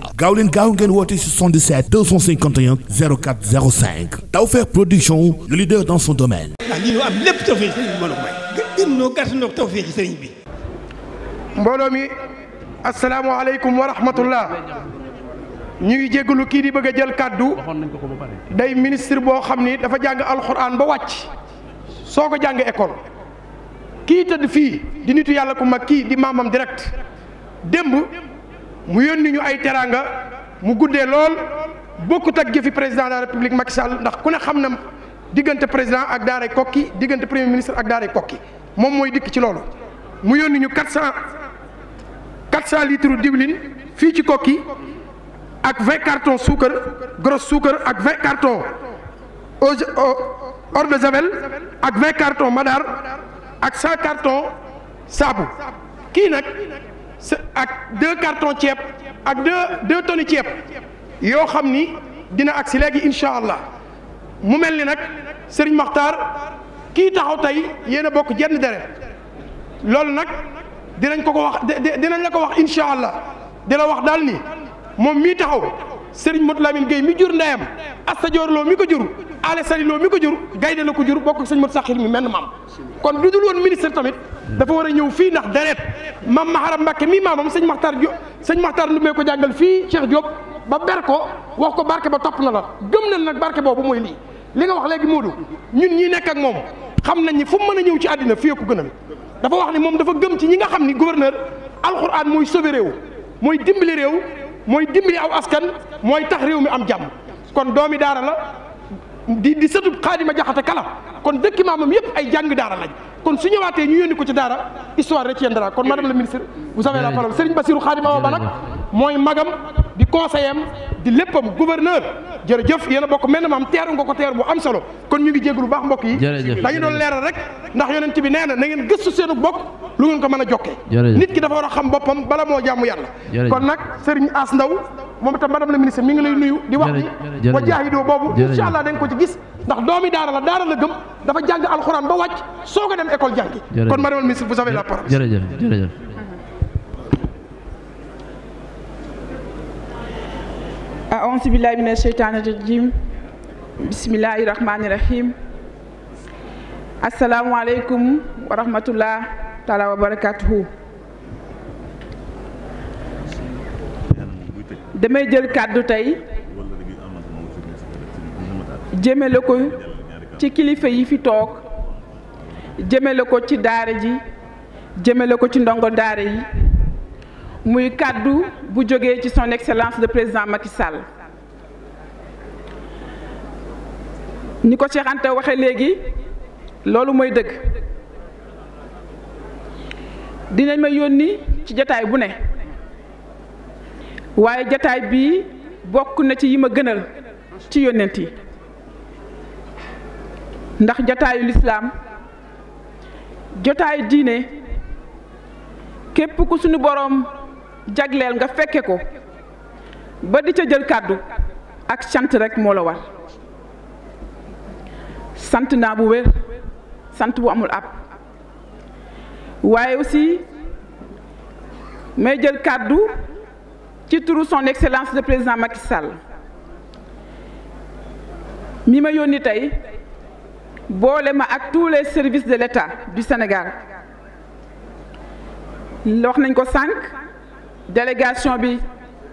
waaw gaaw leen gaaw ngeen woote 77 251 04 05 Tawfekh Production le leader dans son domaine. ah lii ñu am lépp tawfeex sëriñ bi mën a may. gën noo gàtt mbooloo mi asalaamaaleykum wa rahmatullah ñu ngi jéggalu kii di bëgg a jël kàddu day ministre boo xam ni dafa jàng alxuraan ba wàcc soo ko jàng école kii tëdd fii di nitu yàlla ku mag kii di maamam direct démb. mu yónni ñu ay teraanga mu guddee lool bokkut ak jëfi président de la république Macky Sall ndax ku ne xam na diggante président ak daaray kokki diggante premier ministre ak daaray kokki moom mooy dikk ci loolu mu yónni ñu quatre cent quatre cent litres diwlin fii ci kokki ak vingt cartons suukar gros suukar ak vingt cartons or de javel ak vingt cartons madar ak cent cartons saabu kii nag ak deux cartons ceeb ak deux deux tonnes ceeb yoo xam ni dina si léegi incha allah mu mel ni nag sëriñ Maxtaar kii taxaw tey yéen bokk jenn deret loolu nag dinañ ko ko wax dinañ la ko wax incha allah di la wax daal ni moom mii taxaw sëriñ Modou Lamine Gueye mi jur ndeyam Asta Dior Lo mi ko jur Ale Sali loo mi ko jur gaynde la ko jur bokk sëriñ Modou Sakhir mi menn maam kon du dul woon ministre tamit. dafa war a ñëw fii ndax deret mam Maharam Mbacke mii maamam sëñ maxtar Diop sëñ Makhtar Ndoumbe ko jàngal fii Cheikh Diop ba ber ko wax ko barke ba topp na la gëm na nag barke boobu mooy lii li nga wax léegi du ñun ñi nekk ak moom xam nañ ni fu mën a ñëw ci àddina fii ko gënal dafa wax ni moom dafa gëm ci ñi nga xam ni gouverneur alxuraan mooy sauver réew mooy dimbali réew mooy dimbali aw askan mooy tax réew mi am jàmm kon doomi daara la di di sëtub xaadima jaxate kala kon dëkki maamam yëpp ay jàng daara lañ kon su ñëwaatee ñu yónni ko ci daara histoire retiendra kon madame la ministre vous la parole Serigne Bassirou Khadima Awa Ba nag mooy magam di conseiller am di léppam gouverneur jërëjëf yéen a bokk mel na maam am solo kon ñu ngi jégg lu baax mbokk yi dañu doon leeral rek ndax yonent bi nee na na gëstu seenu bokk lu ngeen ko mën a jokkee nit ki dafa war a xam boppam bala moom itam madame la ministre mi ngi lay nuyu di wax ni wa jaahidoo boobu incha allah da ko ci gis ndax doomi daara la daara la gëm dafa jàng alxuraan ba wàcc soo ko dem école jàngi kon madame la ministre vous avez la parole jërëjëf jërëjëf aouzu billahi mina sheytaani rajim bismillahi rahmaani rahim asalaamualeykum wa rahmatullah wa barakatuhu damay jël kàddu tey jëmale ko ci kilifa yi fi toog jëmale ko ci daare ji jëmale ko ci ndongo daare yi muy kàddu bu jógee ci son excellence le président Macky Sall ni ko Cheikh Anta waxe léegi loolu mooy dëgg dinañ ma yónni ci jataay bu ne waaye jataay bii bokk na ci yi ma gënal ci yónnent yi ndax jataayu lislaam jotaayu diine képp ku sunu boroom jagleel nga fekke ko ba di ca jël kàddu ak sant rekk moo la war sant naa bu wér sant bu amul ab waaye aussi may jël kàddu ci turu son excellence de président Macky Sall mi ma yónni tey boole ma ak tous les services de l'État du Sénégal wax nañ ko sànq délégation bi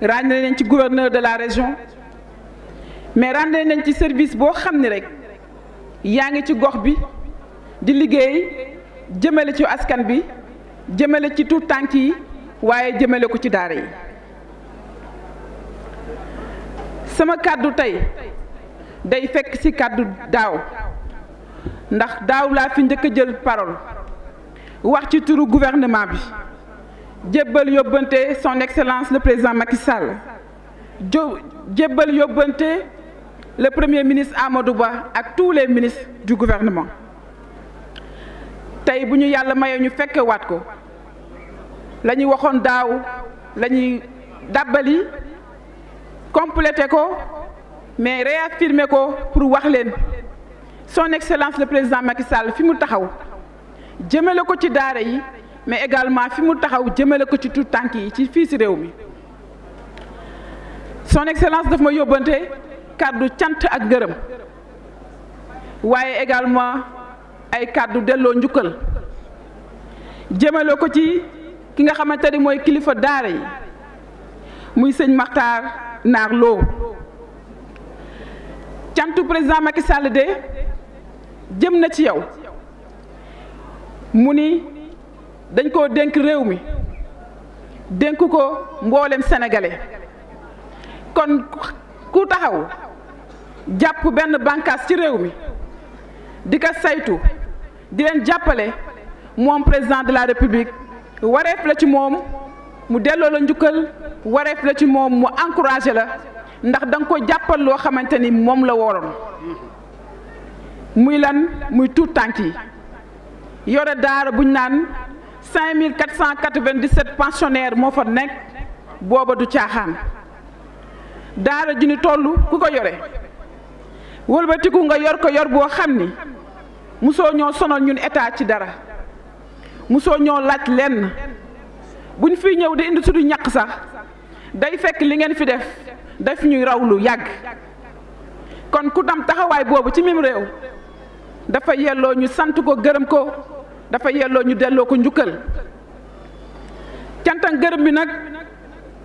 ràññale nañ ci gouverneur de la région mais ràññale nañ ci service boo xam ni rek yaa ngi ci gox bi di liggéey jëmale ci askan bi jëmale ci tout tànk yi waaye jëmale ko ci daara yi sama kàddu tey day fekk ci kàddu daaw ndax daaw laa fi njëkk a jël parole wax ci turu gouvernement bi jébbal yóbbante son excellence le président Macky Sall jo jébbal yóbbante le premier ministre Amadou Ba ak tous les ministres du gouvernement tey bu ñu yàlla mayee ñu fekke waat ko lañuy waxoon daaw la ñuy dàbbali complété ko mais réaffirmer ko pour wax leen son excellence le président Macky Sall fi mu taxaw jëmale ko ci daara yi mais également fi mu taxaw jëmale ko ci tu tànk yi ci fii si réew mi son excellence daf ma yóbbante kàddu cant ak ngërëm waaye également ay kàddu delloo njukkal jëmale ko ci ki nga xamante ni mooy kilifa daara yi muy sëñ Maxtaar naar loo cantu président Macky Sall de jëm na ci yow mu ni dañ koo dénk réew mi dénk ko mbooleem sénégalais kon ku taxaw jàpp benn banqaas ci réew mi di ko saytu di leen jàppale moom président de la république wareef la ci moom mu delloo la njukkal wareef la ci moom mu encouragé la ndax danga ko jàppal loo xamante ni moom la waroon muy lan muy tuut tànk yi yore daara buñ naan cinq mille quatre cent quatre vingt dix moo fa nekk booba du caaxaan daara ji ni toll ku ko yore wëlbatiku nga yor ko yor boo xam ni musoo ñoo sonal ñun état ci dara musoo ñoo laaj lenn buñ fi ñëw di indi suñu ñàkk sax day fekk li ngeen fi def daf ñuy raw lu yàgg kon ku dam taxawaay boobu ci mim réew dafa yelloo ñu sant ko gërëm ko dafa yelloo ñu delloo ko njukkal cantan gërëm bi nag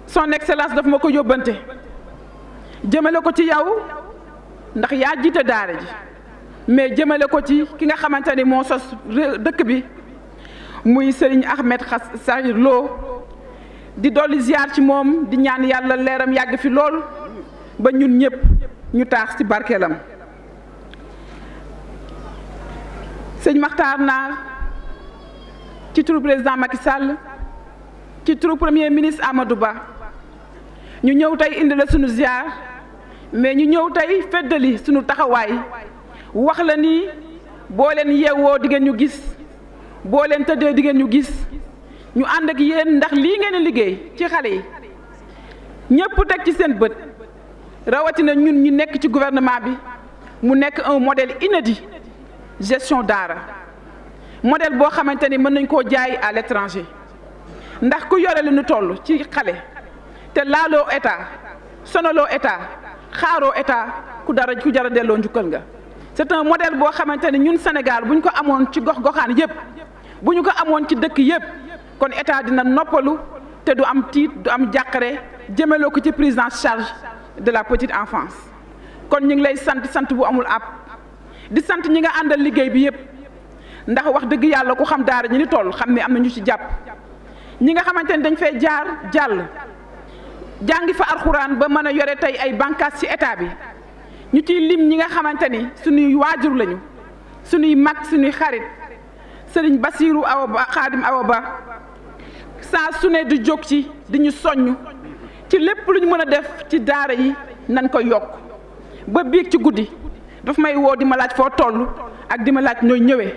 son excellence daf ma ko yóbbante jëmale ko ci yaw ndax yaa jiite daara ji mais jëmale ko ci ki nga xamante ni moo sos dëkk bi muy Serigne Ahmed Xas Sahir Lo di dolli ziar ci moom di ñaan yàlla leeram yàgg fi lool ba ñun ñëpp ñu taax ci barkeelam sëñ Maxtaar naa ci turu président Macky ci turu premier ministre Amadou Ba ñu ñëw tey indi la sunu ziar mais ñu ñëw tey feddali sunu taxawaay wax la ni boo leen yeewoo di ngeen ñu gis. boo leen tëddee di ngeen ñu gis ñu ànd ak yéen ndax lii ngeen liggéey ci xale yi ñëpp teg ci seen bët rawatina ñun ñu nekk ci gouvernement bi mu nekk un modèle inédit gestion daara modèle boo xamante ni mën nañ koo jaay à l'étranger ndax ku yore lu ñu toll ci xale te laaloo état sonaloo état xaaroo état ku dara ku jara delloo njukkal nga c'est un modèle boo xamante ni ñun Sénégal bu ñu ko amoon ci gox goxaan yépp bu ñu ko amoon ci dëkk yépp kon état dina noppalu te du am tiit du am jàqare jëmeloo ko ci président en charge de la petite enfance kon ñu ngi lay sant sant bu amul ab di sant ñi nga àndal liggéey bi yépp ndax wax dëgg yàlla ku xam daara ñi ni toll xam ne am na ñu ci jàpp ñi nga xamante ne dañ fay jaar jàll jàngi fa alxuraan ba mën a yore tey ay bànqaas ci état bi ñu ciy lim ñi nga xamante ni suñuy waajur lañu suñuy mag suñuy xarit sëriñ Basiiru Awa Ba Xaadim Awa Ba saa su ne di jóg ci di soññ ci lépp lu ñu mën a def ci daara yi nañ ko yokk ba biig ci guddi daf may woo di ma laaj foo toll ak di ma laaj ñooy ñëwee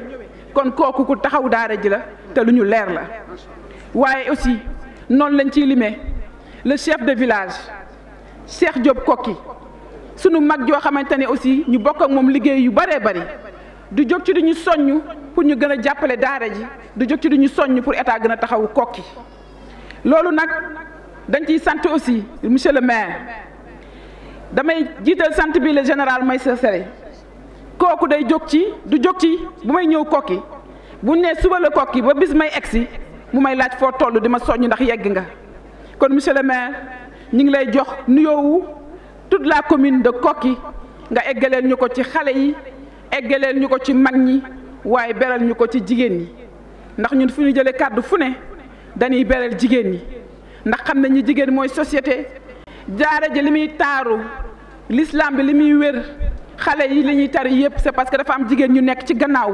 kon kooku ku taxaw daara ji la te lu ñu leer la waaye aussi noonu lañ ciy lime le chef de village Cheikh Diop Kokki sunu mag joo xamante ne aussi ñu bokk ak moom liggéey yu baree bari du jóg ci ñu soññ pour ñu gën a jàppale daara ji du jóg ci ñu soññ pour état gën a taxawu kokki loolu nag dañ ciy sant aussi monsieur le maire damay jiital sant bi le général Meïssa sere kooku day jóg ci du jóg ci bu may ñëw kokki bu nee suba la kokki ba bis may egsi mu may laaj foo tollu di ma soññ ndax yegg nga kon monsieur le maire ñu ngi lay jox nuyoowu toute la commune de kokki nga eggaleel ñu ko ci xale yi eggaleel ñu ko ci mag ñi waaye beral ñu ko ci jigéen ñi ndax ñun fu ñu jëlee kàddu fu ne dañuy beral jigéen ñi ndax xam nañ ni jigéen mooy société jaara ji li muy taaru l'islam bi li muy wér xale yi li ñuy tari yépp c'est parce que dafa am jigéen ñu nekk ci gannaaw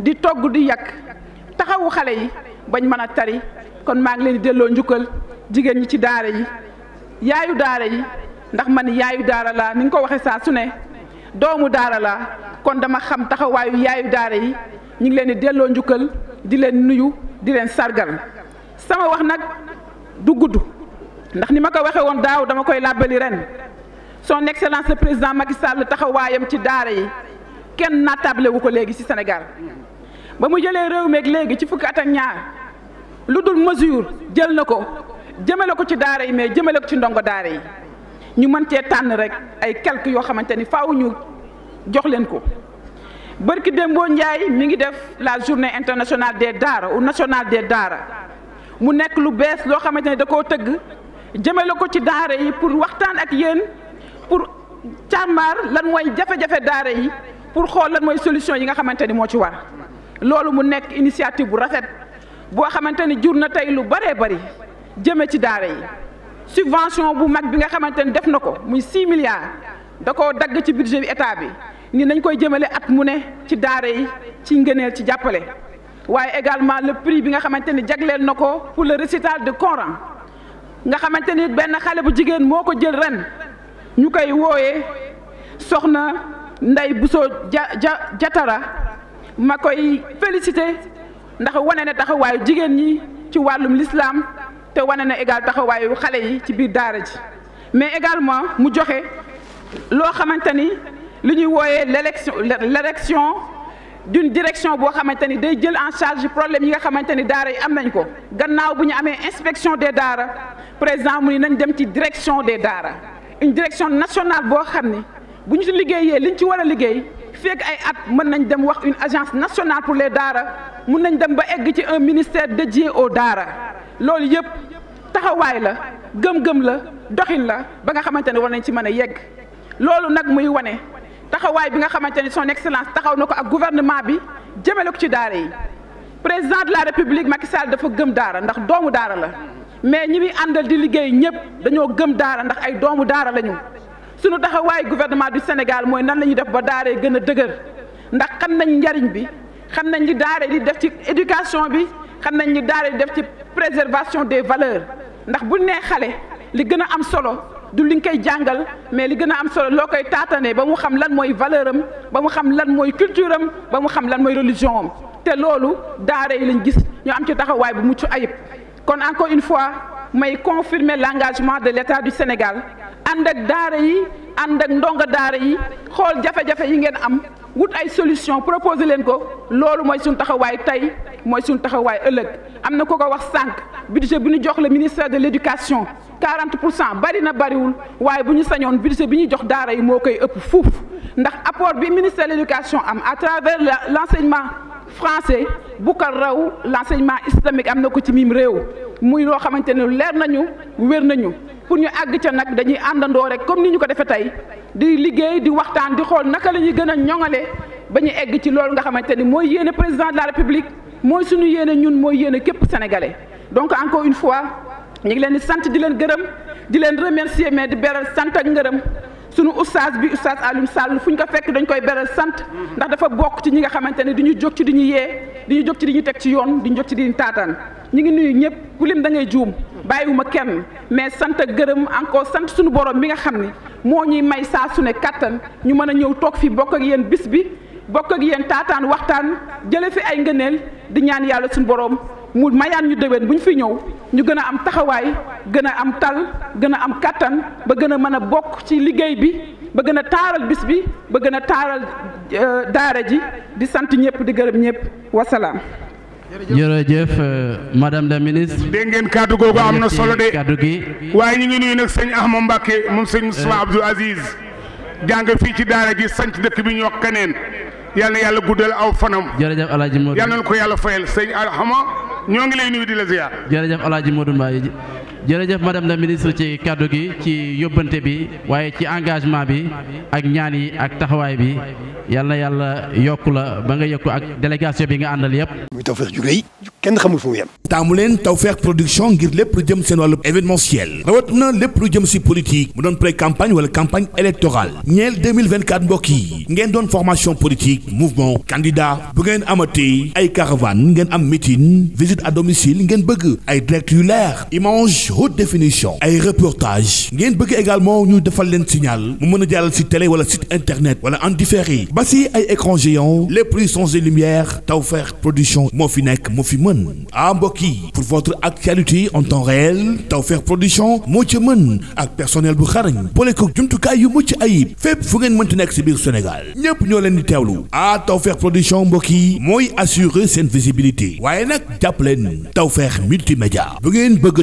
di togg di yàq taxawu xale yi bañ mën a tari kon maa ngi leen di delloo njukkal jigéen ñi ci daara yi yaayu daara yi ndax man yaayu daara laa ni nga ko waxee saa su ne doomu daara laa kon dama xam taxawaayu yaayu daara yi ñu ngi leen di delloo njukkal di leen nuyu di leen sargal sama wax nag du gudd ndax ni ma ko waxee woon daaw dama koy làbbali ren son excellence le président Macky Sall taxawaayam ci daara yi kenn nattable wu ko léegi ci Sénégal ba mu jëlee réew meeg léegi ci fukki at ak ñaar lu dul mesure jël na ko jëmale ko ci daara yi mais jëmale ko ci ndongo daara yi ñu mën cee tànn rek ay quelques yoo xamante ni faaw jox leen ko bërki Dembo Ndiaye mi ngi def la journée internationale des daara ou nationale des daara mu nekk lu bees loo xamante ne da koo tëgg jëmale ko ci daara yi pour waxtaan ak yéen pour càmmaar lan mooy jafe-jafe daara yi pour xool lan mooy solution yi nga xamante ni moo ci war loolu mu nekk initiative bu rafet boo xamante ni jur na tey lu bëree bëri jëme ci daara yi subvention bu mag bi nga xamante ni def na ko muy 6 milliards da koo dagg ci budget bi état bi ni nañ koy jëmale at mu ne ci daara yi ci ngëneel ci jàppale waaye également le prix bi nga xamante ni jagleel na ko pour le récital de Coran nga xamante ni benn xale bu jigéen moo ko jël ren ñu koy wooyee soxna Ndey Buso ja ja Jatara ma koy félicité ndax wane na taxawaayu jigéen ñi ci wàllum lislaam te wane na égal taxawaayu xale yi ci biir daara ji mais également mu joxe loo xamante li ñuy wooyee l'élection l'élection d'une direction boo xamante ni day jël en charge problème yi nga xamante ni daara yi am nañ ko gannaaw bu ñu amee inspection des daara président mu ni nañ dem ci direction des daara une direction nationale boo xam ni bu ñu si liggéeyee liñ ci war a liggéey fekk ay at mën nañ dem wax une agence nationale pour les daara mun nañ dem ba egg ci un ministère de dédié aux daara loolu yëpp taxawaay la gëm-gëm la doxin la ba nga xamante ne war nañ ci mën a yegg loolu nag muy wane. taxawaay bi nga xamante ni son excellence taxaw na ko ak gouvernement bi jëmale ko ci daara yi président de la république Macky Sall dafa gëm daara ndax doomu daara la mais ñi muy àndal di liggéey ñëpp dañoo gëm daara ndax ay doomu daara lañu suñu taxawaay gouvernement du Sénégal mooy nan la def ba daaree yi gën a dëgër ndax xam nañ njariñ bi xam nañ li daara di def ci éducation bi xam nañ li daara di def ci préservation des valeurs ndax bu nee xale li gën a am solo. du li nga koy jàngal mais li gën a am solo loo koy taatanee ba mu xam lan mooy valeur am ba mu xam lan mooy culture am ba mu xam lan mooy religion am te loolu daare yi lañ gis ñu am ci taxawaay bu mucc ayib kon encore une fois may confirmer l'engagement de l'État du Sénégal ànd ak daare yi ànd ak ndongo daara yi xool jafe-jafe yi ngeen am wut ay solution proposé leen ko loolu mooy suñu taxawaay tey mooy suñu taxawaay ëllëg am na ko ko wax sànq budget bu ñu jox le ministère de l'éducation 40 pour cent bari na bariwul waaye bu ñu sañoon budget bi ñu jox daara yi moo koy ëpp fuuf ndax apport bi ministère de am à travers l' enseignement français bu ko raw l' enseignement islamique am na ko ci mim réew muy loo xamante ne leer nañu wér nañu pour ñu àgg ca nag dañuy àndandoo rek comme ni ñu ko defee tey di liggéey di waxtaan di xool naka la ñuy gën a ñoŋale ba ñu egg ci loolu nga xamante ni mooy yéene président de la république mooy suñu yéene ñun mooy yéene képp sénégalais ñu ngi leen di sant di leen gërëm di leen remercier mais di beral sant ak ngërëm sunu oustaz bi oustaz Alioune Sall fu ñu ko fekk dañu koy beral sant ndax dafa bokk ci ñi nga xamante ne du ñu jóg ci du ñu yee du ñu jóg ci di ñu teg ci yoon du ñu jóg ci di ñu taataan ñu ngi nuyu ñëpp ku lim da ngay juum bàyyiwuma kenn mais sant ak gërëm encore sant suñu borom bi nga xam ni moo ñuy may saa su ne kattan ñu mën a ñëw toog fii bokk ak yéen bis bi bokk ak yéen taataan waxtaan jële fi ay ngëneel di ñaan yàlla suñu borom. mu mayaan ñu déwén bu ñu fi ñëw ñu gën a am taxawaay gën a am tal gën a am kàttan ba gën a mën a bokk ci liggéey bi ba gën a taaral bis bi ba gën a taaral euh, daara ji di sant ñëpp di gërëm ñëpp wasalaam. jërëjëf euh, madame la ministre. dégg ngeen kaddu googu am na solo de kaddu gi. waaye ñu ngi nuyu nag sëñ Ahmad Mbacke moom sëñ Moussa Abdou Aziz jàng fii ci daara ji sanc dëkk bi ñu wax keneen yal na yàlla guddal aw fanam. jërëjëf El Hadj Modou yal na ko yàlla fayal sëñ Ahmad ñoo ngi lay nuyu di la ziar. jërëjëf El Hadj Modou Mbaye jërëjëf madame la ministre ci kàddu gi ci yóbbante bi waaye ci engagement bi ak ñaan yi ak taxawaay bi yal na yàlla yokk la ba nga yokk ak délégation bi nga àndal yépp muy kenn xamul fu mu yem. taamu leen Tawfekh production ngir lépp lu jëm seen wàllu événementiel rawat na lépp lu jëm si politique mu doon pré campagne wala campagne électorale ñeel 2024 mbokk yi ngeen doon formation politique mouvement candidat bu ngeen amatee ay caravane ngeen am meeting visite à domicile ngeen bëgg ay haute définition ay reportage ngeen bëgg également ñu defal leen signal mu mën a jàllal si télé wala site internet wala en différé ba si ay écran géant les prix son et lumière Tawfekh production moo fi nekk moo fi mën ah mbokk yi pour votre actualité en temps réel Tawfekh production moo ci mën ak personnel bu xarañ boole ko jumtukaay yu mucc ayib fépp fu ngeen mënti nekk si biir Sénégal ñépp ñoo leen di teewlu ah Tawfekh production mbokk yi mooy assurer seen visibilité waaye nag jàpp leen Tawfekh multimédia bu ngeen bëgg